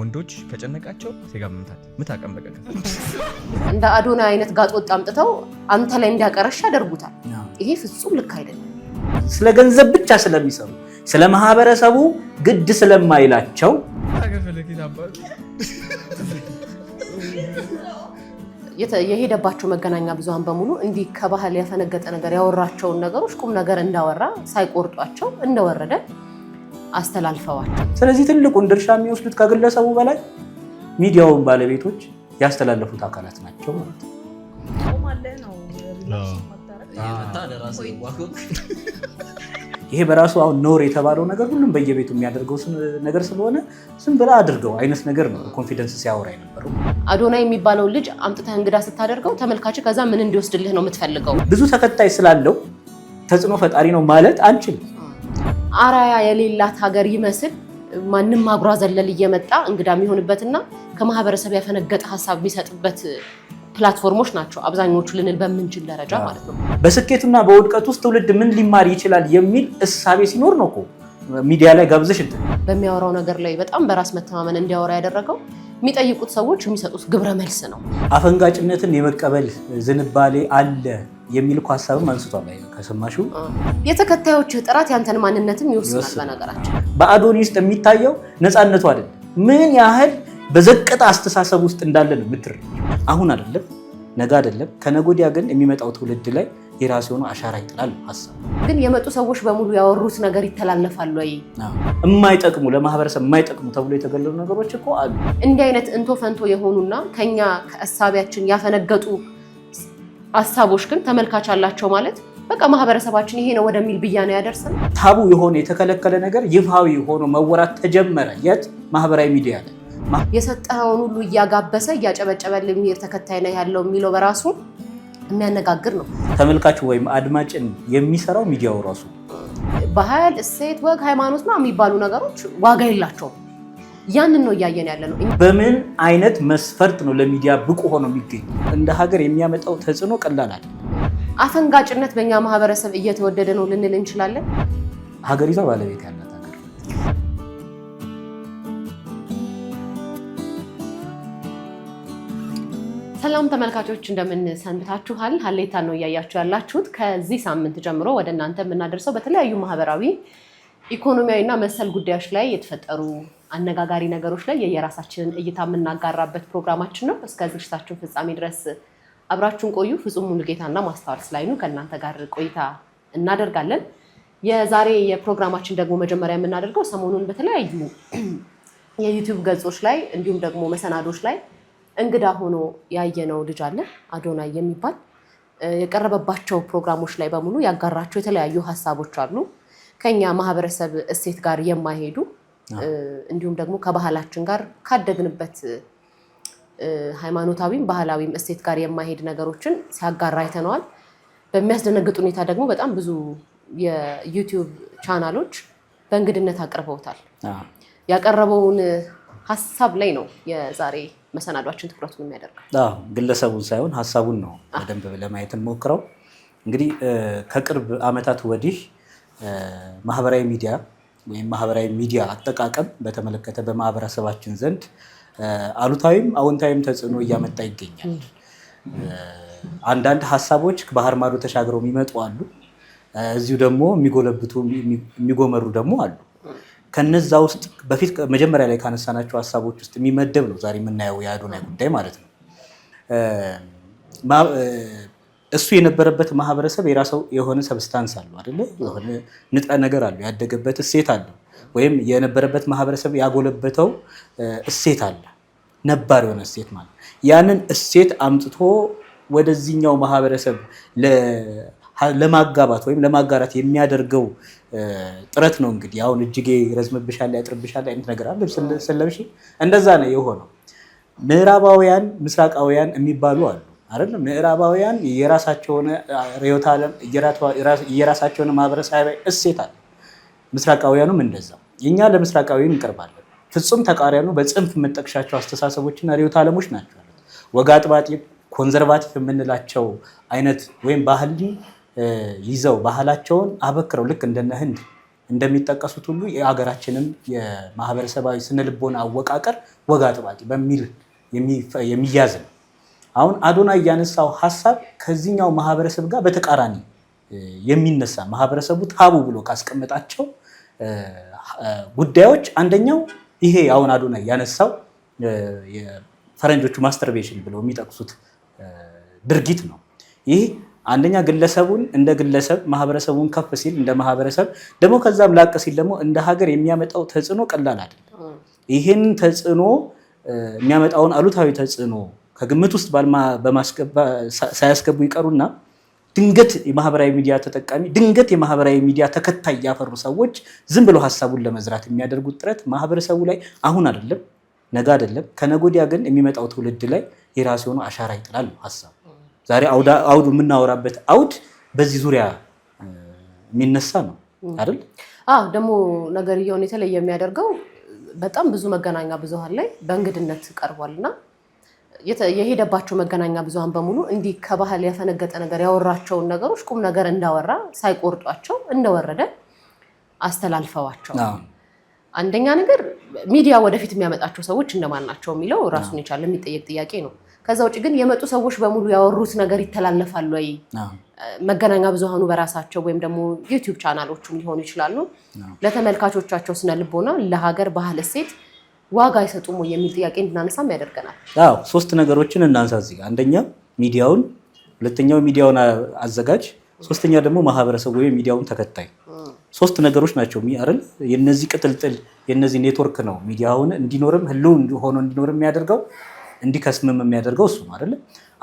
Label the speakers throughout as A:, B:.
A: ወንዶች ከጨነቃቸው ሴጋ መምታት ምታቀም በቀቀ
B: እንደ አዶና አይነት ጋጥ ወጥ አምጥተው አንተ ላይ እንዲያቀረሽ ያደርጉታል። ይሄ ፍጹም ልክ አይደለም።
C: ስለ ገንዘብ ብቻ ስለሚሰሩ ስለ ማህበረሰቡ ግድ ስለማይላቸው
B: የሄደባቸው መገናኛ ብዙሃን በሙሉ እንዲህ ከባህል ያፈነገጠ ነገር ያወራቸውን ነገሮች ቁም ነገር እንዳወራ ሳይቆርጧቸው እንደወረደ አስተላልፈዋል።
C: ስለዚህ ትልቁን ድርሻ የሚወስዱት ከግለሰቡ በላይ ሚዲያውን ባለቤቶች ያስተላለፉት አካላት ናቸው ማለት ነው። ይሄ በራሱ አሁን ኖር የተባለው ነገር ሁሉም በየቤቱ የሚያደርገው ነገር ስለሆነ ዝም ብላ አድርገው አይነት ነገር ነው። ኮንፊደንስ ሲያወራ የነበረው
B: አዶና የሚባለው ልጅ አምጥተህ እንግዳ ስታደርገው ተመልካች ከዛ ምን እንዲወስድልህ ነው የምትፈልገው?
C: ብዙ ተከታይ ስላለው ተጽዕኖ ፈጣሪ ነው ማለት አንችልም።
B: አራያ የሌላት ሀገር ይመስል ማንም አጉራ ዘለል እየመጣ እንግዳ የሚሆንበትና ከማህበረሰብ ያፈነገጠ ሀሳብ የሚሰጥበት ፕላትፎርሞች ናቸው አብዛኞቹ ልንል በምንችል ደረጃ ማለት ነው።
C: በስኬትና በውድቀት ውስጥ ትውልድ ምን ሊማር ይችላል የሚል እሳቤ ሲኖር ነው እኮ ሚዲያ ላይ ጋብዘሽ እንትን
B: በሚያወራው ነገር ላይ በጣም በራስ መተማመን እንዲያወራ ያደረገው የሚጠይቁት ሰዎች የሚሰጡት ግብረ መልስ ነው።
C: አፈንጋጭነትን የመቀበል ዝንባሌ አለ የሚል እኮ ሀሳብም አንስቷል። ከሰማሹ
B: የተከታዮች ጥራት ያንተን ማንነትም ይወስናል። በነገራችን
C: በአዶኒስ የሚታየው ነፃነቱ አይደል ምን ያህል በዘቀጠ አስተሳሰብ ውስጥ እንዳለ ነው ምትር አሁን አይደለም ነገ አይደለም ከነጎዲያ ግን የሚመጣው ትውልድ ላይ የራሱ የሆነ አሻራ ይጥላል። ሀሳብ
B: ግን የመጡ ሰዎች በሙሉ ያወሩት ነገር ይተላለፋል ወይ?
C: የማይጠቅሙ ለማህበረሰብ የማይጠቅሙ ተብሎ የተገለሉ ነገሮች እኮ አሉ።
B: እንዲህ አይነት እንቶ ፈንቶ የሆኑና ከኛ ከእሳቢያችን ያፈነገጡ ሀሳቦች ግን ተመልካች አላቸው ማለት በቃ ማህበረሰባችን ይሄ ነው ወደሚል ነው ያደርሰን።
C: ታቡ የሆነ የተከለከለ ነገር ይፋዊ ሆኖ መወራት ተጀመረ። የት ማህበራዊ ሚዲያ ላይ
B: የሰጠኸውን ሁሉ እያጋበሰ እያጨበጨበል የሚሄድ ተከታይ ነው ያለው የሚለው በራሱ የሚያነጋግር ነው።
C: ተመልካች ወይም አድማጭን የሚሰራው ሚዲያው ራሱ
B: ባህል፣ እሴት፣ ወግ፣ ሃይማኖት ነው የሚባሉ ነገሮች ዋጋ የላቸውም። ያንን ነው እያየን ያለ ነው።
C: በምን አይነት መስፈርት ነው ለሚዲያ ብቁ ሆኖ የሚገኝ? እንደ ሀገር የሚያመጣው ተጽዕኖ ቀላል
B: አፈንጋጭነት በእኛ ማህበረሰብ እየተወደደ ነው ልንል እንችላለን።
C: ሀገሪቷ ባለቤት ያለ
B: ሰላም ተመልካቾች ሰንብታችኋል? ሀሌታ ነው እያያችሁ ያላችሁት። ከዚህ ሳምንት ጀምሮ ወደ እናንተ የምናደርሰው በተለያዩ ማህበራዊ፣ ኢኮኖሚያዊ እና መሰል ጉዳዮች ላይ የተፈጠሩ አነጋጋሪ ነገሮች ላይ የየራሳችንን እይታ የምናጋራበት ፕሮግራማችን ነው። እስከ ዝግጅታችን ፍጻሜ ድረስ አብራችሁን ቆዩ። ፍጹም ሙሉጌታና ማስተዋል ስላይኑ ከእናንተ ጋር ቆይታ እናደርጋለን። የዛሬ የፕሮግራማችን ደግሞ መጀመሪያ የምናደርገው ሰሞኑን በተለያዩ የዩቲዩብ ገጾች ላይ እንዲሁም ደግሞ መሰናዶች ላይ እንግዳ ሆኖ ያየነው ልጅ አለ አዶናይ የሚባል የቀረበባቸው ፕሮግራሞች ላይ በሙሉ ያጋራቸው የተለያዩ ሀሳቦች አሉ ከኛ ማህበረሰብ እሴት ጋር የማይሄዱ እንዲሁም ደግሞ ከባህላችን ጋር ካደግንበት ሃይማኖታዊም ባህላዊም እሴት ጋር የማይሄድ ነገሮችን ሲያጋራ አይተነዋል። በሚያስደነግጥ ሁኔታ ደግሞ በጣም ብዙ የዩቲዩብ ቻናሎች በእንግድነት አቅርበውታል። ያቀረበውን ሀሳብ ላይ ነው የዛሬ መሰናዷችን ትኩረቱን የሚያደርገው
C: ግለሰቡን ሳይሆን ሀሳቡን ነው በደንብ ለማየት እንሞክረው። እንግዲህ ከቅርብ ዓመታት ወዲህ ማህበራዊ ሚዲያ ወይም ማህበራዊ ሚዲያ አጠቃቀም በተመለከተ በማህበረሰባችን ዘንድ አሉታዊም አዎንታዊም ተጽዕኖ እያመጣ ይገኛል። አንዳንድ ሀሳቦች ባህር ማዶ ተሻግረው የሚመጡ አሉ። እዚሁ ደግሞ የሚጎለብቱ የሚጎመሩ ደግሞ አሉ። ከነዛ ውስጥ በፊት መጀመሪያ ላይ ካነሳናቸው ሀሳቦች ውስጥ የሚመደብ ነው ዛሬ የምናየው የአዶናይ ጉዳይ ማለት ነው። እሱ የነበረበት ማህበረሰብ የራሰው የሆነ ሰብስታንስ አለው አይደለ? የሆነ ንጥረ ነገር አለው፣ ያደገበት እሴት አለ፣ ወይም የነበረበት ማህበረሰብ ያጎለበተው እሴት አለ፣ ነባር የሆነ እሴት ማለት ያንን እሴት አምጥቶ ወደዚህኛው ማህበረሰብ ለማጋባት ወይም ለማጋራት የሚያደርገው ጥረት ነው። እንግዲህ አሁን እጅጌ ረዝምብሻል፣ ያጥርብሻል አይነት ነገር አለ ስለብሽ እንደዛ ነው የሆነው። ምዕራባውያን ምስራቃውያን የሚባሉ አሉ አይደለም። ምዕራባውያን የራሳቸውን ርዕዮተ ዓለም የራሳቸውን ማህበረሰባዊ እሴት አለ። ምስራቃውያኑም እንደዛ። እኛ ለምስራቃዊ እንቀርባለን። ፍጹም ተቃሪያኑ በጽንፍ የምጠቅሻቸው አስተሳሰቦችና ርዕዮተ ዓለሞች ናቸው። ወግ አጥባቂ ኮንዘርቫቲቭ የምንላቸው አይነት ወይም ባህል ይዘው ባህላቸውን አበክረው ልክ እንደነ ህንድ እንደሚጠቀሱት ሁሉ የሀገራችንም የማህበረሰባዊ ስነልቦና አወቃቀር ወግ አጥባቂ በሚል የሚያዝ ነው። አሁን አዶናይ እያነሳው ሀሳብ ከዚህኛው ማህበረሰብ ጋር በተቃራኒ የሚነሳ ማህበረሰቡ ታቡ ብሎ ካስቀመጣቸው ጉዳዮች አንደኛው ይሄ አሁን አዶናይ ያነሳው ፈረንጆቹ ማስተርቤሽን ብለው የሚጠቅሱት ድርጊት ነው። ይህ አንደኛ ግለሰቡን እንደ ግለሰብ ማህበረሰቡን ከፍ ሲል እንደ ማህበረሰብ ደግሞ ከዛም ላቅ ሲል ደግሞ እንደ ሀገር የሚያመጣው ተጽዕኖ ቀላል አይደለም። ይህን ተጽዕኖ የሚያመጣውን አሉታዊ ተጽዕኖ ከግምት ውስጥ ሳያስገቡ ይቀሩና ድንገት የማህበራዊ ሚዲያ ተጠቃሚ ድንገት የማህበራዊ ሚዲያ ተከታይ ያፈሩ ሰዎች ዝም ብሎ ሀሳቡን ለመዝራት የሚያደርጉት ጥረት ማህበረሰቡ ላይ አሁን አይደለም ነገ አይደለም ከነጎዲያ ግን የሚመጣው ትውልድ ላይ የራሱ የሆነ አሻራ ይጥላል ነው ዛሬ አውዱ የምናወራበት አውድ በዚህ ዙሪያ የሚነሳ ነው አይደል?
B: አዎ። ደግሞ ነገርየውን የተለየ የሚያደርገው በጣም ብዙ መገናኛ ብዙሃን ላይ በእንግድነት እና የሄደባቸው መገናኛ ብዙሃን በሙሉ እንዲህ ከባህል ያፈነገጠ ነገር ያወራቸውን ነገሮች ቁም ነገር እንዳወራ ሳይቆርጧቸው እንደወረደ አስተላልፈዋቸው። አንደኛ ነገር ሚዲያ ወደፊት የሚያመጣቸው ሰዎች እንደማን ናቸው የሚለው ራሱን የቻለ የሚጠየቅ ጥያቄ ነው። ከዛ ውጭ ግን የመጡ ሰዎች በሙሉ ያወሩት ነገር ይተላለፋል ወይ? መገናኛ ብዙሃኑ በራሳቸው ወይም ደግሞ ዩቲዩብ ቻናሎቹም ሊሆኑ ይችላሉ ለተመልካቾቻቸው ስነ ልቦና፣ ለሀገር ባህል እሴት ዋጋ አይሰጡም ወይ የሚል ጥያቄ እንድናነሳም ያደርገናል።
C: አዎ ሶስት ነገሮችን እናንሳ እዚህ አንደኛ ሚዲያውን፣ ሁለተኛው ሚዲያውን አዘጋጅ፣ ሶስተኛ ደግሞ ማህበረሰቡ ወይም ሚዲያውን ተከታይ ሶስት ነገሮች ናቸው አይደል? የነዚህ ቅጥልጥል የነዚህ ኔትወርክ ነው ሚዲያ ሆነ እንዲኖርም ህልው ሆኖ እንዲኖርም የሚያደርገው እንዲከስምም የሚያደርገው እሱ ነው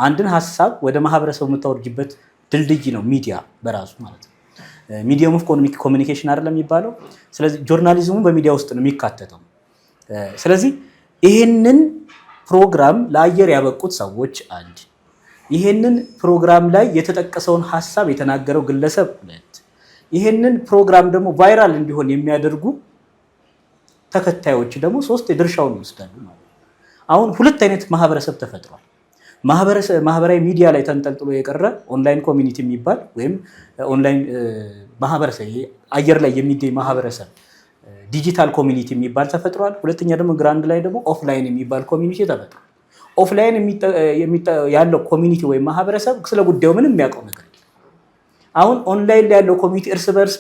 C: አንድን ሀሳብ ወደ ማህበረሰቡ የምታወርጅበት ድልድይ ነው ሚዲያ በራሱ ማለት ነው። ሚዲየም ኦፍ ኢኮኖሚክ ኮሚኒኬሽን አይደለም የሚባለው። ስለዚህ ጆርናሊዝሙ በሚዲያ ውስጥ ነው የሚካተተው። ስለዚህ ይህንን ፕሮግራም ለአየር ያበቁት ሰዎች አንድ፣ ይህንን ፕሮግራም ላይ የተጠቀሰውን ሀሳብ የተናገረው ግለሰብ ሁለት፣ ይህንን ፕሮግራም ደግሞ ቫይራል እንዲሆን የሚያደርጉ ተከታዮች ደግሞ ሶስት የድርሻውን ይወስዳሉ ማለት አሁን ሁለት አይነት ማህበረሰብ ተፈጥሯል። ማህበራዊ ሚዲያ ላይ ተንጠልጥሎ የቀረ ኦንላይን ኮሚኒቲ የሚባል ወይም ኦንላይን ማህበረሰብ አየር ላይ የሚገኝ ማህበረሰብ ዲጂታል ኮሚኒቲ የሚባል ተፈጥሯል። ሁለተኛ ደግሞ ግራንድ ላይ ደግሞ ኦፍላይን የሚባል ኮሚኒቲ ተፈጥሯል። ኦፍላይን ያለው ኮሚኒቲ ወይም ማህበረሰብ ስለ ጉዳዩ ምንም የሚያውቀው ነገር አሁን ኦንላይን ላይ ያለው ኮሚኒቲ እርስ በርስ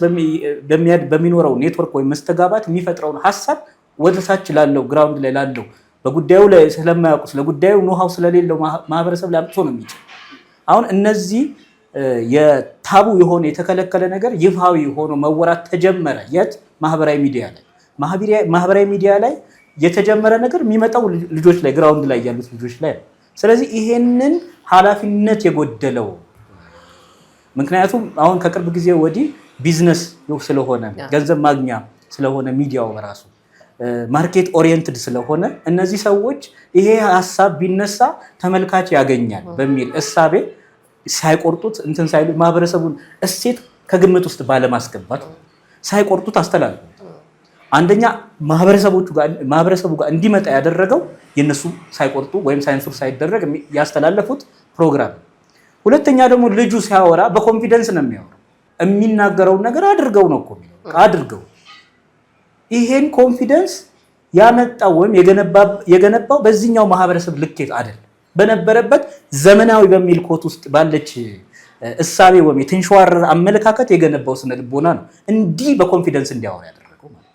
C: በሚኖረው ኔትወርክ ወይም መስተጋባት የሚፈጥረውን ሀሳብ ወደታች ላለው ግራውንድ ላይ ላለው በጉዳዩ ላይ ስለማያውቁ ስለ ጉዳዩ ኖሃው ስለሌለው ማህበረሰብ ላይ ነው የሚችል። አሁን እነዚህ የታቡ የሆነ የተከለከለ ነገር ይፋዊ ሆኖ መወራት ተጀመረ። የት ማህበራዊ ሚዲያ ላይ ማህበራዊ ሚዲያ ላይ የተጀመረ ነገር የሚመጣው ልጆች ላይ ግራውንድ ላይ ያሉት ልጆች ላይ ነው። ስለዚህ ይሄንን ኃላፊነት የጎደለው ምክንያቱም አሁን ከቅርብ ጊዜ ወዲህ ቢዝነስ ስለሆነ ገንዘብ ማግኛ ስለሆነ ሚዲያው በራሱ ማርኬት ኦሪየንትድ ስለሆነ እነዚህ ሰዎች ይሄ ሀሳብ ቢነሳ ተመልካች ያገኛል በሚል እሳቤ ሳይቆርጡት እንትን ሳይሉ ማህበረሰቡን እሴት ከግምት ውስጥ ባለማስገባት ሳይቆርጡት አስተላልፉ። አንደኛ ማህበረሰቡ ጋር እንዲመጣ ያደረገው የነሱ ሳይቆርጡ ወይም ሳይንሱር ሳይደረግ ያስተላለፉት ፕሮግራም። ሁለተኛ ደግሞ ልጁ ሲያወራ በኮንፊደንስ ነው የሚያወራው። የሚናገረውን ነገር አድርገው ነው እኮ አድርገው ይሄን ኮንፊደንስ ያመጣው ወይም የገነባው በዚህኛው ማህበረሰብ ልኬት አይደል፣ በነበረበት ዘመናዊ በሚል ኮት ውስጥ ባለች እሳቤ ወይም የትንሸዋረር አመለካከት የገነባው ስነ ልቦና ነው። እንዲህ በኮንፊደንስ እንዲያወራ ያደረገው ማለት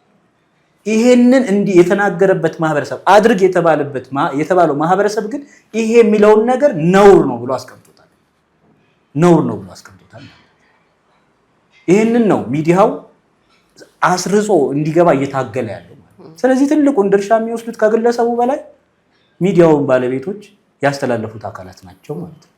C: ይሄንን እንዲህ የተናገረበት ማህበረሰብ አድርግ የተባለበት የተባለው ማህበረሰብ ግን ይሄ የሚለውን ነገር ነውር ነው ብሎ አስቀምጦታል። ነውር ነው ብሎ አስቀምጦታል። ይህንን ነው ሚዲያው አስርጾ እንዲገባ እየታገለ ያለው ስለዚህ ትልቁን ድርሻ የሚወስዱት ከግለሰቡ በላይ ሚዲያውን ባለቤቶች ያስተላለፉት አካላት ናቸው ማለት ነው።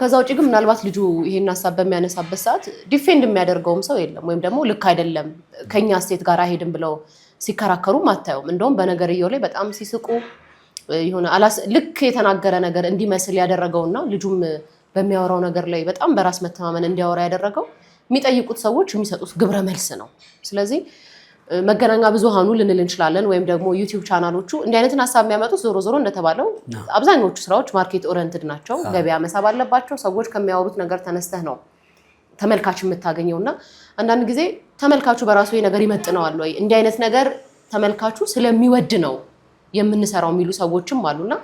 B: ከዛ ውጭ ግን ምናልባት ልጁ ይሄን ሀሳብ በሚያነሳበት ሰዓት ዲፌንድ የሚያደርገውም ሰው የለም፣ ወይም ደግሞ ልክ አይደለም ከኛ ሴት ጋር አይሄድም ብለው ሲከራከሩም አታየውም። እንደውም በነገርየው ላይ በጣም ሲስቁ የሆነ ልክ የተናገረ ነገር እንዲመስል ያደረገውና ልጁም በሚያወራው ነገር ላይ በጣም በራስ መተማመን እንዲያወራ ያደረገው የሚጠይቁት ሰዎች የሚሰጡት ግብረ መልስ ነው። ስለዚህ መገናኛ ብዙሃኑ ልንል እንችላለን ወይም ደግሞ ዩቲዩብ ቻናሎቹ እንዲህ አይነትን ሀሳብ የሚያመጡት ዞሮ ዞሮ እንደተባለው አብዛኛዎቹ ስራዎች ማርኬት ኦሪየንትድ ናቸው። ገበያ መሳብ አለባቸው። ሰዎች ከሚያወሩት ነገር ተነስተህ ነው ተመልካች የምታገኘው እና አንዳንድ ጊዜ ተመልካቹ በራሱ ነገር ይመጥነዋል ወይ እንዲህ አይነት ነገር ተመልካቹ ስለሚወድ ነው የምንሰራው የሚሉ ሰዎችም አሉና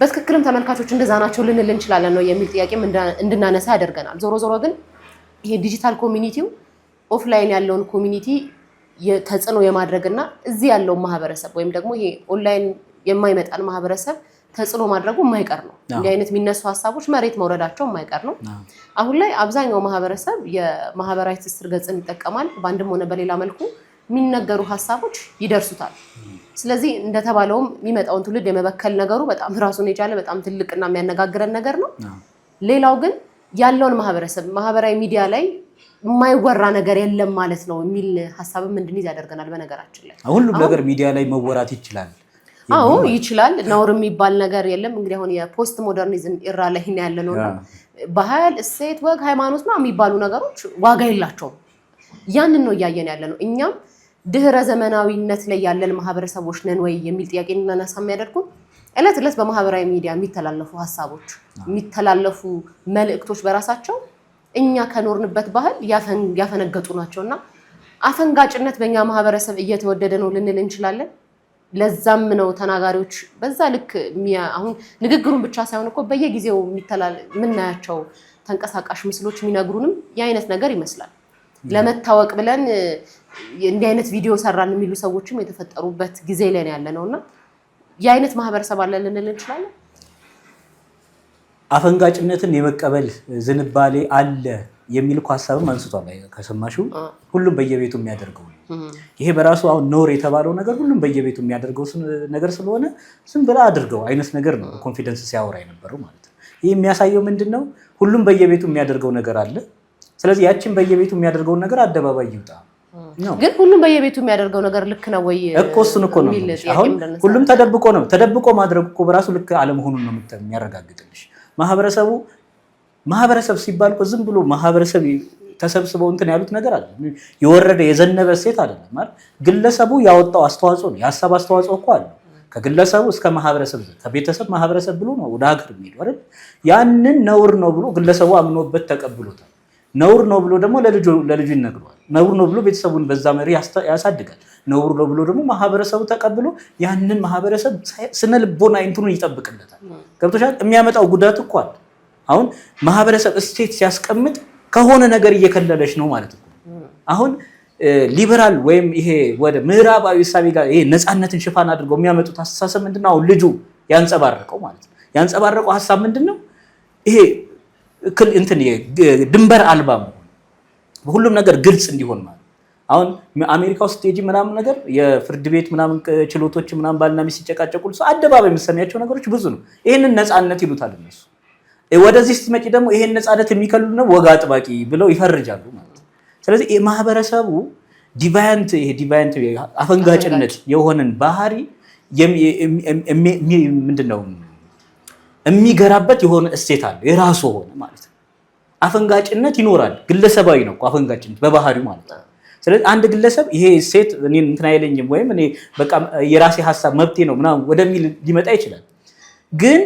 B: በትክክልም ተመልካቾች እንደዛ ናቸው ልንል እንችላለን ነው የሚል ጥያቄም እንድናነሳ ያደርገናል። ዞሮ ዞሮ ግን ይሄ ዲጂታል ኮሚኒቲው ኦፍላይን ያለውን ኮሚኒቲ ተጽዕኖ የማድረግና እዚህ ያለውን ማህበረሰብ ወይም ደግሞ ይሄ ኦንላይን የማይመጣን ማህበረሰብ ተጽዕኖ ማድረጉ የማይቀር ነው። እንዲህ አይነት የሚነሱ ሀሳቦች መሬት መውረዳቸው የማይቀር ነው። አሁን ላይ አብዛኛው ማህበረሰብ የማህበራዊ ትስስር ገጽን ይጠቀማል። በአንድም ሆነ በሌላ መልኩ የሚነገሩ ሀሳቦች ይደርሱታል። ስለዚህ እንደተባለውም የሚመጣውን ትውልድ የመበከል ነገሩ በጣም ራሱን የቻለ በጣም ትልቅና የሚያነጋግረን ነገር ነው። ሌላው ግን ያለውን ማህበረሰብ ማህበራዊ ሚዲያ ላይ የማይወራ ነገር የለም ማለት ነው የሚል ሀሳብም እንድንይዝ ያደርገናል። በነገራችን ላይ
C: ሁሉም ነገር ሚዲያ ላይ መወራት ይችላል።
B: አዎ ይችላል። ነውር የሚባል ነገር የለም። እንግዲህ አሁን የፖስት ሞደርኒዝም ኢራ ላይ ያለ ነው። ባህል፣ እሴት፣ ወግ፣ ሃይማኖት ነው የሚባሉ ነገሮች ዋጋ የላቸውም። ያንን ነው እያየን ያለ ነው። እኛም ድህረ ዘመናዊነት ላይ ያለን ማህበረሰቦች ነን ወይ የሚል ጥያቄ እንድናነሳ የሚያደርጉን እለት እለት በማህበራዊ ሚዲያ የሚተላለፉ ሀሳቦች የሚተላለፉ መልእክቶች በራሳቸው እኛ ከኖርንበት ባህል ያፈነገጡ ናቸው እና አፈንጋጭነት በእኛ ማህበረሰብ እየተወደደ ነው ልንል እንችላለን። ለዛም ነው ተናጋሪዎች በዛ ልክ አሁን ንግግሩን ብቻ ሳይሆን እኮ በየጊዜው የምናያቸው ተንቀሳቃሽ ምስሎች የሚነግሩንም የአይነት ነገር ይመስላል። ለመታወቅ ብለን እንዲህ አይነት ቪዲዮ ሰራን የሚሉ ሰዎችም የተፈጠሩበት ጊዜ ላይ ነው ያለ ነው እና የአይነት ማህበረሰብ አለ ልንል እንችላለን።
C: አፈንጋጭነትን የመቀበል ዝንባሌ አለ የሚል እኮ ሀሳብም አንስቷል። ከሰማሽው ሁሉም በየቤቱ የሚያደርገው ይሄ በራሱ አሁን ኖር የተባለው ነገር ሁሉም በየቤቱ የሚያደርገው ነገር ስለሆነ ዝም ብላ አድርገው አይነት ነገር ነው ኮንፊደንስ ሲያወራ የነበረው ማለት ነው። ይህ የሚያሳየው ምንድን ነው? ሁሉም በየቤቱ የሚያደርገው ነገር አለ። ስለዚህ ያችን በየቤቱ የሚያደርገውን ነገር አደባባይ ይውጣ
B: ግን ሁሉም በየቤቱ የሚያደርገው ነገር ልክ ነው ወይ
C: እኮ እሱን እኮ ነው። አሁን ሁሉም ተደብቆ ነው ተደብቆ ማድረግ እኮ በራሱ ልክ አለመሆኑን ነው የሚያረጋግጥልሽ። ማህበረሰቡ ማህበረሰብ ሲባል እኮ ዝም ብሎ ማህበረሰብ ተሰብስበው እንትን ያሉት ነገር አለ። የወረደ የዘነበ ሴት አይደለም ማለት ግለሰቡ ያወጣው አስተዋጽኦ ነው። የሀሳብ አስተዋጽኦ እኮ አለ ከግለሰቡ እስከ ማህበረሰብ ከቤተሰብ ማህበረሰብ ብሎ ነው ወደ ሀገር የሚሄዱ አይደል? ያንን ነውር ነው ብሎ ግለሰቡ አምኖበት ተቀብሎታል። ነውር ነው ብሎ ደግሞ ለልጁ ይነግረዋል። ነውር ነው ብሎ ቤተሰቡን በዛ መሪ ያሳድጋል። ነውር ነው ብሎ ደግሞ ማህበረሰቡ ተቀብሎ ያንን ማህበረሰብ ስነ ልቦና እንትኑን ይጠብቅለታል። ገብቶሻል? የሚያመጣው ጉዳት እኮ አለ። አሁን ማህበረሰብ እስቴት ሲያስቀምጥ ከሆነ ነገር እየከለለች ነው ማለት ነው። አሁን ሊበራል ወይም ይሄ ወደ ምዕራባዊ እሳቤ ጋር ይሄ ነፃነትን ሽፋን አድርገው የሚያመጡት አስተሳሰብ ምንድነው? አሁን ልጁ ያንጸባረቀው ማለት ነው። ያንጸባረቀው ሀሳብ ምንድን ነው ይሄ እንትን ድንበር አልባ መሆን በሁሉም ነገር ግልጽ እንዲሆን ማለት አሁን አሜሪካ ውስጥ ቴጂ ምናምን ነገር የፍርድ ቤት ምናምን ችሎቶች ምናምን ባልና ሚስት ሲጨቃጨቁ ሰው አደባባይ የምትሰሚያቸው ነገሮች ብዙ ነው። ይህንን ነፃነት ይሉታል እነሱ። ወደዚህ ስትመጪ ደግሞ ይሄን ነፃነት የሚከሉ ነው ወግ አጥባቂ ብለው ይፈርጃሉ ማለት ስለዚህ ማህበረሰቡ ዲቫያንት ይሄ ዲቫያንት አፈንጋጭነት የሆነን ባህሪ ምንድን ነው የሚገራበት የሆነ እሴት አለ፣ የራሱ ሆነ ማለት ነው። አፈንጋጭነት ይኖራል። ግለሰባዊ ነው አፈንጋጭነት በባህሪው ማለት ነው። ስለዚህ አንድ ግለሰብ ይሄ እሴት እኔ እንትን አይለኝም ወይም እኔ በቃ የራሴ ሀሳብ መብቴ ነው ምናምን ወደሚል ሊመጣ ይችላል። ግን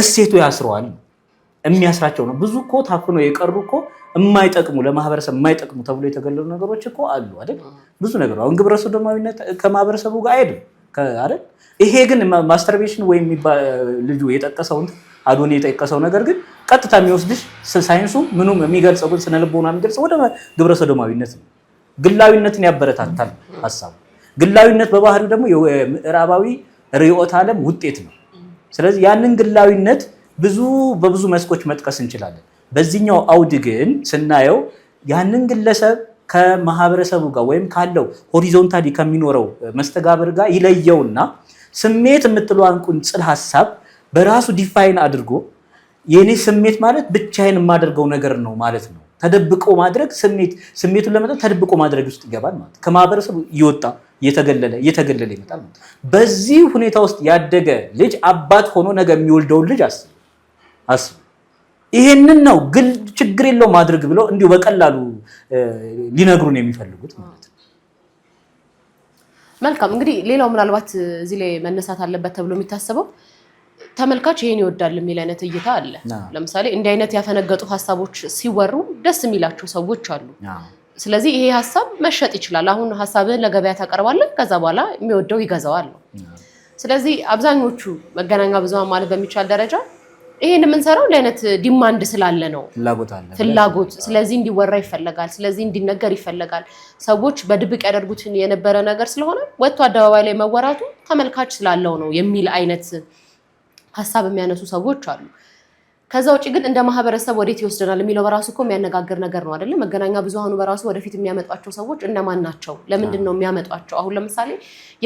C: እሴቱ ያስረዋል። የሚያስራቸው ነው። ብዙ እኮ ታፍነው የቀሩ እኮ የማይጠቅሙ ለማህበረሰብ የማይጠቅሙ ተብሎ የተገለሉ ነገሮች እኮ አሉ አይደል? ብዙ ነገር አሁን ግብረ ሰዶማዊነት ከማህበረሰቡ ጋር አይሄድም። አይደል? ይሄ ግን ማስተርቤሽን ወይም ልጁ የጠቀሰው አዶኒ የጠቀሰው ነገር ግን ቀጥታ የሚወስድሽ ሳይንሱ ምኑም የሚገልጸው ግን ስነልቦና የሚገልጸው ወደ ግብረ ሰዶማዊነት ነው። ግላዊነትን ያበረታታል ሀሳቡ። ግላዊነት በባህሪው ደግሞ የምዕራባዊ ርዕዮተ ዓለም ውጤት ነው። ስለዚህ ያንን ግላዊነት ብዙ በብዙ መስኮች መጥቀስ እንችላለን። በዚህኛው አውድ ግን ስናየው ያንን ግለሰብ ከማህበረሰቡ ጋር ወይም ካለው ሆሪዞንታሊ ከሚኖረው መስተጋብር ጋር ይለየውና ስሜት የምትለዋን ቁንጽል ሀሳብ በራሱ ዲፋይን አድርጎ የእኔ ስሜት ማለት ብቻዬን የማደርገው ነገር ነው ማለት ነው። ተደብቆ ማድረግ ስሜት ስሜቱን ለመጠ ተደብቆ ማድረግ ውስጥ ይገባል ማለት ከማህበረሰቡ እየወጣ እየተገለለ እየተገለለ ይመጣል ማለት። በዚህ ሁኔታ ውስጥ ያደገ ልጅ አባት ሆኖ ነገ የሚወልደውን ልጅ አስብ አስብ ይሄንን ነው ግል ችግር የለው ማድረግ ብለው እንዲሁ በቀላሉ ሊነግሩን የሚፈልጉት ማለት ነው።
B: መልካም እንግዲህ ሌላው ምናልባት እዚህ ላይ መነሳት አለበት ተብሎ የሚታሰበው ተመልካች ይሄን ይወዳል የሚል አይነት እይታ አለ። ለምሳሌ እንዲህ አይነት ያፈነገጡ ሀሳቦች ሲወሩ ደስ የሚላቸው ሰዎች አሉ። ስለዚህ ይሄ ሀሳብ መሸጥ ይችላል። አሁን ሀሳብህን ለገበያ ታቀርባለህ፣ ከዛ በኋላ የሚወደው ይገዛዋል ነው። ስለዚህ አብዛኞቹ መገናኛ ብዙሃን ማለት በሚቻል ደረጃ ይሄን የምንሰራው እንዲህ አይነት ዲማንድ ስላለ ነው፣ ፍላጎት። ስለዚህ እንዲወራ ይፈለጋል፣ ስለዚህ እንዲነገር ይፈለጋል። ሰዎች በድብቅ ያደርጉት የነበረ ነገር ስለሆነ ወጥቶ አደባባይ ላይ መወራቱ ተመልካች ስላለው ነው የሚል አይነት ሀሳብ የሚያነሱ ሰዎች አሉ። ከዛ ውጭ ግን እንደ ማህበረሰብ ወዴት ይወስደናል የሚለው በራሱ እኮ የሚያነጋግር ነገር ነው አይደለም። መገናኛ ብዙሃኑ በራሱ ወደፊት የሚያመጧቸው ሰዎች እነማን ናቸው? ለምንድን ነው የሚያመጧቸው? አሁን ለምሳሌ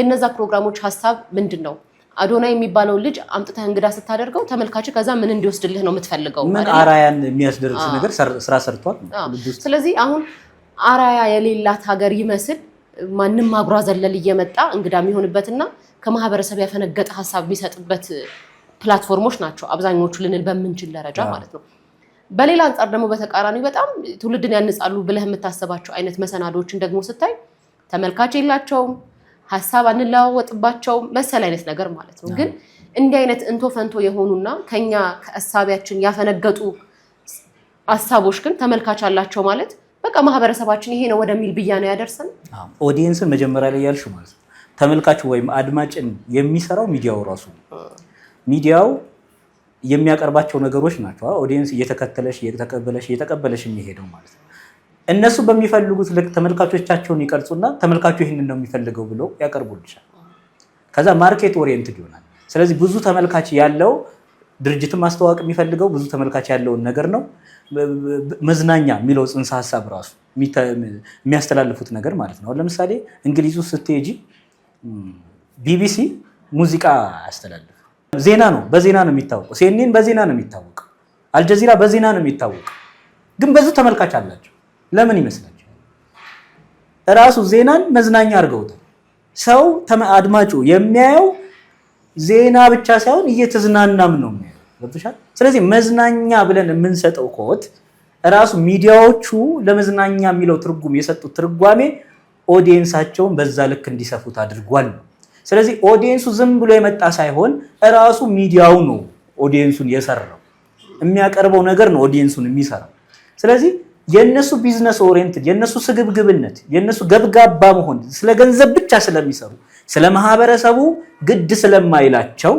B: የእነዛ ፕሮግራሞች ሀሳብ ምንድን ነው? አዶና የሚባለውን ልጅ አምጥተህ እንግዳ ስታደርገው ተመልካች ከዛ ምን እንዲወስድልህ ነው የምትፈልገው?
C: ምን አራያን የሚያስደርስ ነገር ስራ ሰርቷል። ስለዚህ አሁን አራያ የሌላት ሀገር ይመስል ማንም ማጉራ ዘለል እየመጣ እንግዳ የሚሆንበትና ከማህበረሰብ ያፈነገጠ ሀሳብ የሚሰጥበት ፕላትፎርሞች ናቸው አብዛኞቹ ልንል በምንችል ደረጃ ማለት ነው።
B: በሌላ አንጻር ደግሞ በተቃራኒ በጣም ትውልድን ያንጻሉ ብለህ የምታስባቸው አይነት መሰናዶዎችን ደግሞ ስታይ ተመልካች የላቸውም። ሀሳብ አንለዋወጥባቸው መሰል አይነት ነገር ማለት ነው። ግን እንዲህ አይነት እንቶ ፈንቶ የሆኑና ከኛ ከእሳቢያችን ያፈነገጡ ሀሳቦች ግን ተመልካች አላቸው ማለት በቃ ማህበረሰባችን ይሄ ነው ወደሚል ነው ያደርሰን
C: ኦዲየንስን መጀመሪያ ላይ ያልሽ ማለት ነው። ወይም አድማጭን የሚሰራው ሚዲያው ራሱ ሚዲያው የሚያቀርባቸው ነገሮች ናቸው። ኦዲየንስ እየተከተለሽ እየተቀበለሽ እየተቀበለሽ የሚሄደው ማለት ነው። እነሱ በሚፈልጉት ልክ ተመልካቾቻቸውን ይቀርጹና ተመልካቹ ይህንን ነው የሚፈልገው ብለው ያቀርቡልሻል። ከዛ ማርኬት ኦሪየንትድ ይሆናል። ስለዚህ ብዙ ተመልካች ያለው ድርጅትን ማስተዋወቅ የሚፈልገው ብዙ ተመልካች ያለውን ነገር ነው። መዝናኛ የሚለው ጽንሰ ሀሳብ ራሱ የሚያስተላልፉት ነገር ማለት ነው። ለምሳሌ እንግሊዙ ስትሄጂ ቢቢሲ ሙዚቃ ያስተላልፍ ዜና ነው። በዜና ነው የሚታወቀው። ሲኤንኤን በዜና ነው የሚታወቀው። አልጀዚራ በዜና ነው የሚታወቀው። ግን ብዙ ተመልካች አላቸው። ለምን ይመስላችኋል? እራሱ ዜናን መዝናኛ አድርገውታል። ሰው አድማጩ የሚያየው ዜና ብቻ ሳይሆን እየተዝናናም ነው የሚያየው። ስለዚህ መዝናኛ ብለን የምንሰጠው ኮት እራሱ ሚዲያዎቹ ለመዝናኛ የሚለው ትርጉም የሰጡት ትርጓሜ ኦዲየንሳቸውን በዛ ልክ እንዲሰፉት አድርጓል ነው። ስለዚህ ኦዲየንሱ ዝም ብሎ የመጣ ሳይሆን እራሱ ሚዲያው ነው ኦዲየንሱን የሰራው የሚያቀርበው ነገር ነው ኦዲየንሱን የሚሰራው። ስለዚህ የእነሱ ቢዝነስ ኦሪየንትድ የእነሱ ስግብግብነት የእነሱ ገብጋባ መሆን ስለ ገንዘብ ብቻ ስለሚሰሩ ስለ ማህበረሰቡ ግድ ስለማይላቸው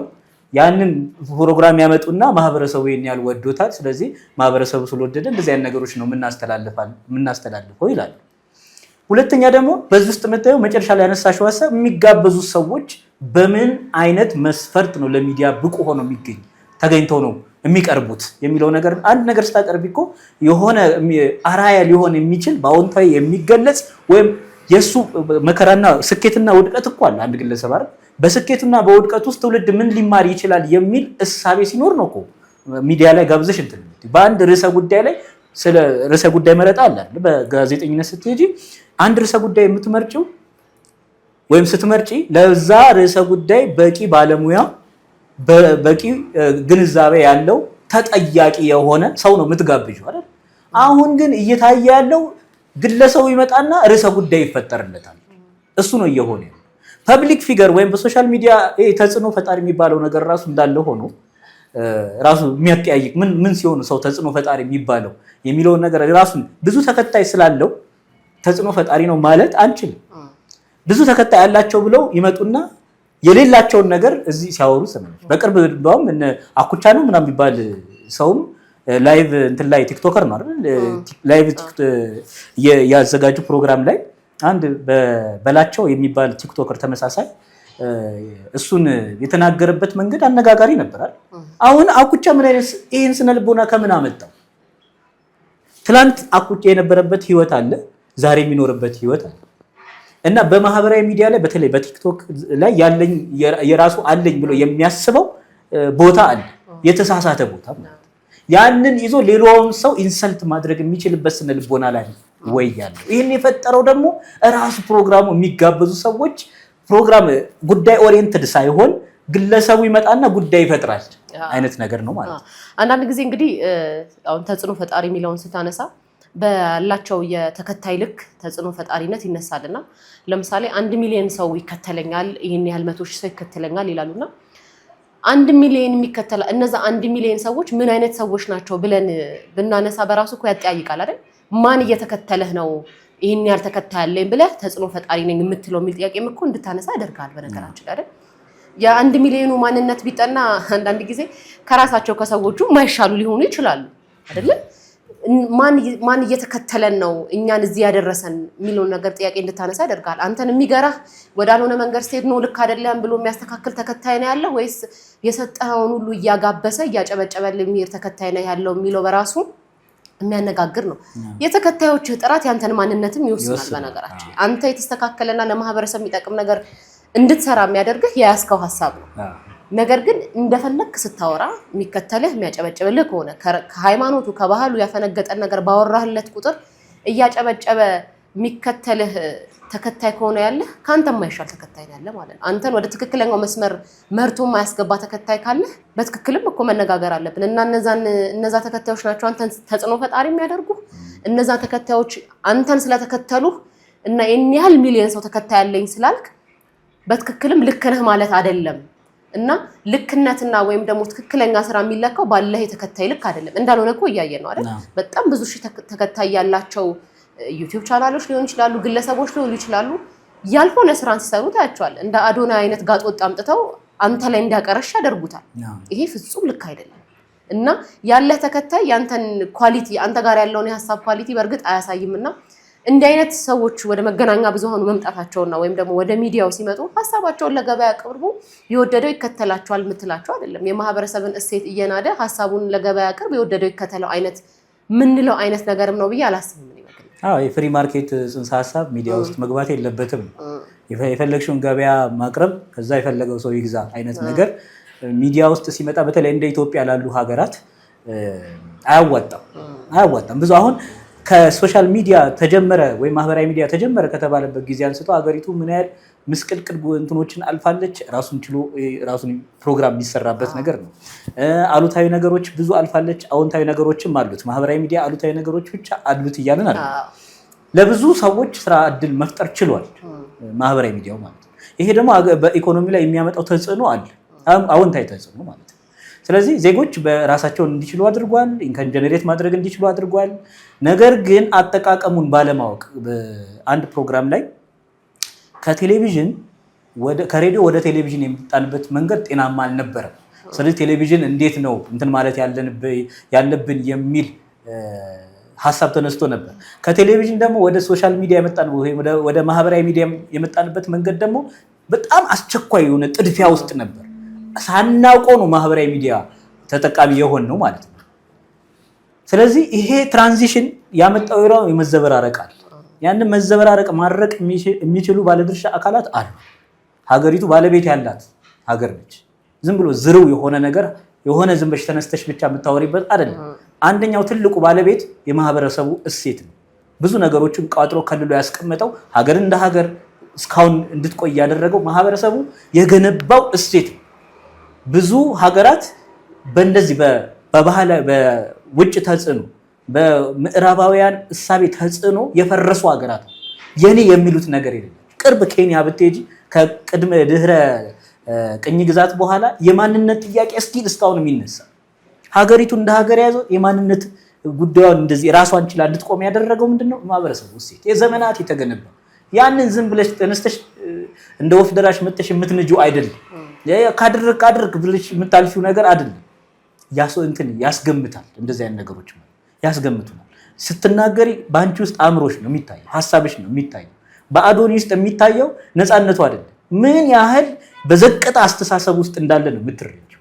C: ያንን ፕሮግራም ያመጡና ማህበረሰቡ ይህን ያህል ወዶታል፣ ስለዚህ ማህበረሰቡ ስለወደደ እንደዚህ አይነት ነገሮች ነው የምናስተላልፈው ይላሉ። ሁለተኛ ደግሞ በዚህ ውስጥ የምታየው መጨረሻ ላይ ያነሳሽው ሀሳብ የሚጋበዙ ሰዎች በምን አይነት መስፈርት ነው ለሚዲያ ብቁ ሆነው የሚገኝ ተገኝተው ነው የሚቀርቡት የሚለው ነገር አንድ ነገር ስታቀርብ እኮ የሆነ አራያ ሊሆን የሚችል በአዎንታዊ የሚገለጽ ወይም የእሱ መከራና ስኬትና ውድቀት እኮ አለ አንድ ግለሰብ አይደል በስኬቱና በውድቀት ውስጥ ትውልድ ምን ሊማር ይችላል የሚል እሳቤ ሲኖር ነው እኮ ሚዲያ ላይ ጋብዘሽ እንትን በአንድ ርዕሰ ጉዳይ ላይ ስለ ርዕሰ ጉዳይ መረጣ አለ በጋዜጠኝነት ስትሄጂ አንድ ርዕሰ ጉዳይ የምትመርጭው ወይም ስትመርጪ ለዛ ርዕሰ ጉዳይ በቂ ባለሙያ በቂ ግንዛቤ ያለው ተጠያቂ የሆነ ሰው ነው የምትጋብዡ አይደል? አሁን ግን እየታየ ያለው ግለሰቡ ይመጣና ርዕሰ ጉዳይ ይፈጠርለታል። እሱ ነው እየሆነ ፐብሊክ ፊገር ወይም በሶሻል ሚዲያ ተጽዕኖ ፈጣሪ የሚባለው ነገር ራሱ እንዳለ ሆኖ ራሱ የሚያጠያይቅ ምን ሲሆን ሰው ተጽዕኖ ፈጣሪ የሚባለው የሚለውን ነገር ራሱን ብዙ ተከታይ ስላለው ተጽዕኖ ፈጣሪ ነው ማለት አንችልም። ብዙ ተከታይ ያላቸው ብለው ይመጡና የሌላቸውን ነገር እዚህ ሲያወሩ ሰምነች። በቅርብ እንደውም አኩቻ ነው ምናምን የሚባል ሰውም ላይቭ እንትን ላይ ቲክቶከር ማለት ላይቭ ያዘጋጁ ፕሮግራም ላይ አንድ በላቸው የሚባል ቲክቶከር ተመሳሳይ እሱን የተናገረበት መንገድ አነጋጋሪ ነበራል። አሁን አኩቻ ምን አይነት ይህን ስነ ልቦና ከምን አመጣው? ትላንት አኩቻ የነበረበት ህይወት አለ፣ ዛሬ የሚኖርበት ህይወት አለ። እና በማህበራዊ ሚዲያ ላይ በተለይ በቲክቶክ ላይ ያለኝ የራሱ አለኝ ብሎ የሚያስበው ቦታ አለ፣ የተሳሳተ ቦታ ማለት ያንን ይዞ ሌላውን ሰው ኢንሰልት ማድረግ የሚችልበት ስነ ልቦና ላይ ወይ ያለው ይህን የፈጠረው ደግሞ ራሱ ፕሮግራሙ የሚጋበዙ ሰዎች ፕሮግራም ጉዳይ ኦሪየንትድ ሳይሆን ግለሰቡ ይመጣና ጉዳይ ይፈጥራል አይነት ነገር ነው ማለት ነው።
B: አንዳንድ ጊዜ እንግዲህ አሁን ተጽዕኖ ፈጣሪ የሚለውን ስታነሳ ባላቸው የተከታይ ልክ ተጽዕኖ ፈጣሪነት ይነሳልና ለምሳሌ አንድ ሚሊዮን ሰው ይከተለኛል፣ ይህን ያህል መቶ ሺህ ሰው ይከተለኛል ይላሉና አንድ ሚሊዮን የሚከተል እነዛ አንድ ሚሊዮን ሰዎች ምን አይነት ሰዎች ናቸው ብለን ብናነሳ በራሱ እኮ ያጠያይቃል አይደል? ማን እየተከተለህ ነው? ይህን ያህል ተከታይ ብለህ ተጽዕኖ ፈጣሪ ነኝ የምትለው የሚል ጥያቄም እኮ እንድታነሳ ያደርጋል። በነገራችን አይደል የአንድ ሚሊዮኑ ማንነት ቢጠና አንዳንድ ጊዜ ከራሳቸው ከሰዎቹ ማይሻሉ ሊሆኑ ይችላሉ አይደለም ማን እየተከተለን ነው እኛን እዚህ ያደረሰን የሚለውን ነገር ጥያቄ እንድታነሳ ያደርጋል። አንተን የሚገራህ ወዳልሆነ መንገድ ስትሄድ ነው ልክ አይደለም ብሎ የሚያስተካክል ተከታይ ነው ያለው ወይስ የሰጠኸውን ሁሉ እያጋበሰ እያጨበጨበል የሚሄድ ተከታይ ነው ያለው የሚለው በራሱ የሚያነጋግር ነው። የተከታዮች ጥራት የአንተን ማንነትም ይወስናል። በነገራችን አንተ የተስተካከለና ለማህበረሰብ የሚጠቅም ነገር እንድትሰራ የሚያደርግህ የያዝከው ሀሳብ ነው። ነገር ግን እንደፈለግክ ስታወራ የሚከተልህ የሚያጨበጭብልህ ከሆነ ከሃይማኖቱ ከባህሉ ያፈነገጠን ነገር ባወራህለት ቁጥር እያጨበጨበ የሚከተልህ ተከታይ ከሆነ ያለህ ከአንተ የማይሻል ተከታይ ያለ ማለት ነው። አንተን ወደ ትክክለኛው መስመር መርቶ የማያስገባ ተከታይ ካለህ በትክክልም እኮ መነጋገር አለብን እና እነዛ ተከታዮች ናቸው አንተን ተጽዕኖ ፈጣሪ የሚያደርጉ እነዛ ተከታዮች አንተን ስለተከተሉ እና ይህን ያህል ሚሊዮን ሰው ተከታይ ያለኝ ስላልክ በትክክልም ልክ ነህ ማለት አይደለም። እና ልክነትና ወይም ደግሞ ትክክለኛ ስራ የሚለካው ባለህ የተከታይ ልክ አይደለም። እንዳልሆነ እኮ እያየ ነው አይደል? በጣም ብዙ ሺህ ተከታይ ያላቸው ዩቲዩብ ቻናሎች ሊሆን ይችላሉ፣ ግለሰቦች ሊሆኑ ይችላሉ። ያልሆነ ስራን ሲሰሩ ታያቸዋል። እንደ አዶና አይነት ጋጥ አምጥተው አንተ ላይ እንዲያቀረሽ ያደርጉታል። ይሄ ፍጹም ልክ አይደለም። እና ያለህ ተከታይ ያንተን ኳሊቲ አንተ ጋር ያለውን የሀሳብ ኳሊቲ በእርግጥ አያሳይም እና እንዲህ አይነት ሰዎች ወደ መገናኛ ብዙሃኑ መምጣታቸውና ወይም ደግሞ ወደ ሚዲያው ሲመጡ ሀሳባቸውን ለገበያ ቅርቡ የወደደው ይከተላቸዋል የምትላቸው አይደለም። የማህበረሰብን እሴት እየናደ ሀሳቡን ለገበያ አቅርብ የወደደው ይከተለው አይነት ምንለው አይነት ነገርም ነው ብዬ አላስብም።
C: የፍሪ ማርኬት ጽንሰ ሀሳብ ሚዲያ ውስጥ መግባት የለበትም። የፈለግሽውን ገበያ ማቅረብ ከዛ የፈለገው ሰው ይግዛ አይነት ነገር ሚዲያ ውስጥ ሲመጣ በተለይ እንደ ኢትዮጵያ ላሉ ሀገራት አያዋጣም አያዋጣም ብዙ አሁን ከሶሻል ሚዲያ ተጀመረ ወይም ማህበራዊ ሚዲያ ተጀመረ ከተባለበት ጊዜ አንስቶ ሀገሪቱ ምን ያህል ምስቅልቅል እንትኖችን አልፋለች። ራሱን ችሎ ራሱን ፕሮግራም የሚሰራበት ነገር ነው። አሉታዊ ነገሮች ብዙ አልፋለች። አዎንታዊ ነገሮችም አሉት። ማህበራዊ ሚዲያ አሉታዊ ነገሮች ብቻ አሉት እያለን አለ። ለብዙ ሰዎች ስራ እድል መፍጠር ችሏል ማህበራዊ ሚዲያው ማለት ነው። ይሄ ደግሞ በኢኮኖሚ ላይ የሚያመጣው ተጽዕኖ አለ፣ አዎንታዊ ተጽዕኖ ማለት ነው። ስለዚህ ዜጎች በራሳቸውን እንዲችሉ አድርጓል፣ ኢንከም ጀኔሬት ማድረግ እንዲችሉ አድርጓል። ነገር ግን አጠቃቀሙን ባለማወቅ በአንድ ፕሮግራም ላይ ከቴሌቪዥን ከሬዲዮ ወደ ቴሌቪዥን የሚጣልበት መንገድ ጤናማ አልነበረም። ስለዚህ ቴሌቪዥን እንዴት ነው እንትን ማለት ያለብን የሚል ሀሳብ ተነስቶ ነበር። ከቴሌቪዥን ደግሞ ወደ ሶሻል ሚዲያ የመጣን ወደ ማህበራዊ ሚዲያ የመጣንበት መንገድ ደግሞ በጣም አስቸኳይ የሆነ ጥድፊያ ውስጥ ነበር። ሳናውቀው ነው ማህበራዊ ሚዲያ ተጠቃሚ የሆን ነው ማለት ነው። ስለዚህ ይሄ ትራንዚሽን ያመጣው ራ የመዘበራረቅ አለ። ያንን መዘበራረቅ ማድረቅ የሚችሉ ባለድርሻ አካላት አሉ። ሀገሪቱ ባለቤት ያላት ሀገር ነች። ዝም ብሎ ዝርው የሆነ ነገር የሆነ ዝንበሽ ተነስተሽ ብቻ የምታወሪበት አይደለም። አንደኛው ትልቁ ባለቤት የማህበረሰቡ እሴት ነው። ብዙ ነገሮችን ቋጥሮ ከልሎ ያስቀመጠው ሀገር እንደ ሀገር እስካሁን እንድትቆይ ያደረገው ማህበረሰቡ የገነባው እሴት ነው። ብዙ ሀገራት በእንደዚህ በባህላ በውጭ ተጽዕኖ በምዕራባውያን እሳቤ ተጽዕኖ የፈረሱ ሀገራት የኔ የሚሉት ነገር የለም። ቅርብ ኬንያ ብትሄጂ ከቅድመ ድህረ ቅኝ ግዛት በኋላ የማንነት ጥያቄ እስቲል እስካሁን የሚነሳ ሀገሪቱ እንደ ሀገር የያዘው የማንነት ጉዳዩን እንደዚህ ራሷን ችላ እንድትቆም ያደረገው ምንድነው? ማህበረሰቡ እሴት የዘመናት የተገነባ ያንን ዝም ብለሽ ተነስተሽ እንደ ወፍ ደራሽ መጥተሽ የምትንጁ አይደለም። ካድርቅ አድርቅ ብልሽ የምታልፊው ነገር አይደለም። ያሰው እንትን ያስገምታል። እንደዚህ አይነት ነገሮች ያስገምቱናል። ስትናገሪ በአንቺ ውስጥ አእምሮች ነው የሚታየው፣ ሀሳብሽ ነው የሚታየው። በአዶኒ ውስጥ የሚታየው ነፃነቱ አይደለም፣ ምን ያህል በዘቀጠ አስተሳሰብ ውስጥ እንዳለ ነው የምትረጂው።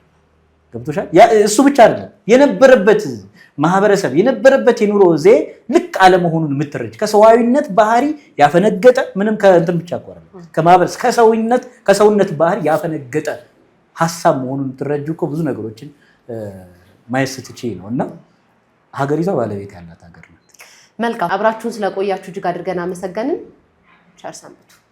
C: ገብቶሻል። እሱ ብቻ አይደለም የነበረበት ማህበረሰብ የነበረበት የኑሮ ዜ ልክ አለመሆኑን የምትረጅ ከሰዋዊነት ባህሪ ያፈነገጠ ምንም ከእንትን ብቻ እኮ ከማህበረሰብ ከሰውነት ከሰውነት ባህሪ ያፈነገጠ ሀሳብ መሆኑን የምትረጅ እኮ ብዙ ነገሮችን ማየት ስትች ነው። እና ሀገሪቷ ባለቤት ያላት ሀገር ናት።
B: መልካም አብራችሁን ስለቆያችሁ እጅግ አድርገን አመሰገንን። ቸር ሰንብቱ።